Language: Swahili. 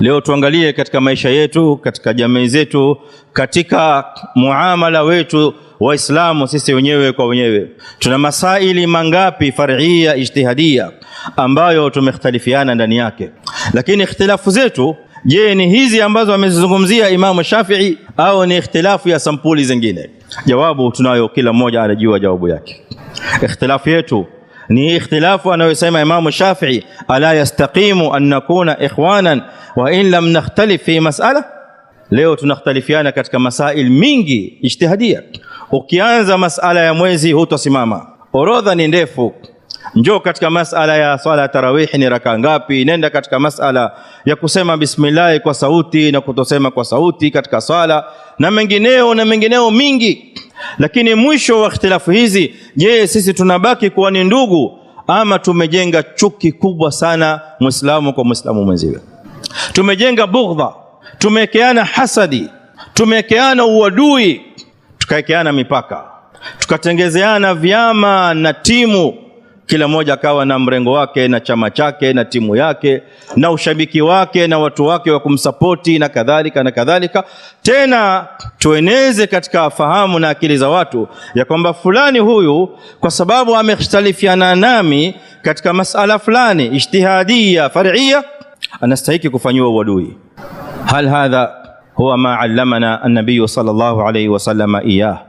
Leo tuangalie katika maisha yetu, katika jamii zetu, katika muamala wetu Waislamu sisi wenyewe kwa wenyewe, tuna masaili mangapi faria ijtihadia ambayo tumekhtalifiana ndani yake, lakini ikhtilafu zetu Je, ni hizi ambazo amezizungumzia Imamu Shafii au ni ikhtilafu ya sampuli zingine? Jawabu tunayo, kila mmoja anajua jawabu yake. Ikhtilafu yetu ni ikhtilafu anayosema Imamu Shafii, ala yastaqimu an nakuna ikhwanan wa in lam nakhtalif fi mas'ala. Leo tunakhtalifiana katika masail mingi ijtihadia. Ukianza masala ya mwezi hutosimama, orodha ni ndefu. Njoo katika masala ya swala ya tarawihi ni raka ngapi? Nenda katika masala ya kusema bismillahi kwa sauti na kutosema kwa sauti katika swala na mengineo na mengineo mingi lakini mwisho wa ikhtilafu hizi, je, sisi tunabaki kuwa ni ndugu ama tumejenga chuki kubwa sana, muislamu kwa muislamu mwenziwe? Tumejenga bughdha, tumewekeana hasadi, tumewekeana uadui, tukawekeana mipaka, tukatengezeana vyama na timu kila mmoja akawa na mrengo wake na chama chake na timu yake na ushabiki wake na watu wake wa kumsapoti na kadhalika na kadhalika. Tena tueneze katika fahamu na akili za watu ya kwamba fulani huyu kwa sababu amekhtalifiana nami katika masala fulani ijtihadia faria, anastahiki kufanyiwa uadui. Hal hadha huwa ma allamana an-nabiy sallallahu alayhi wasallam iyah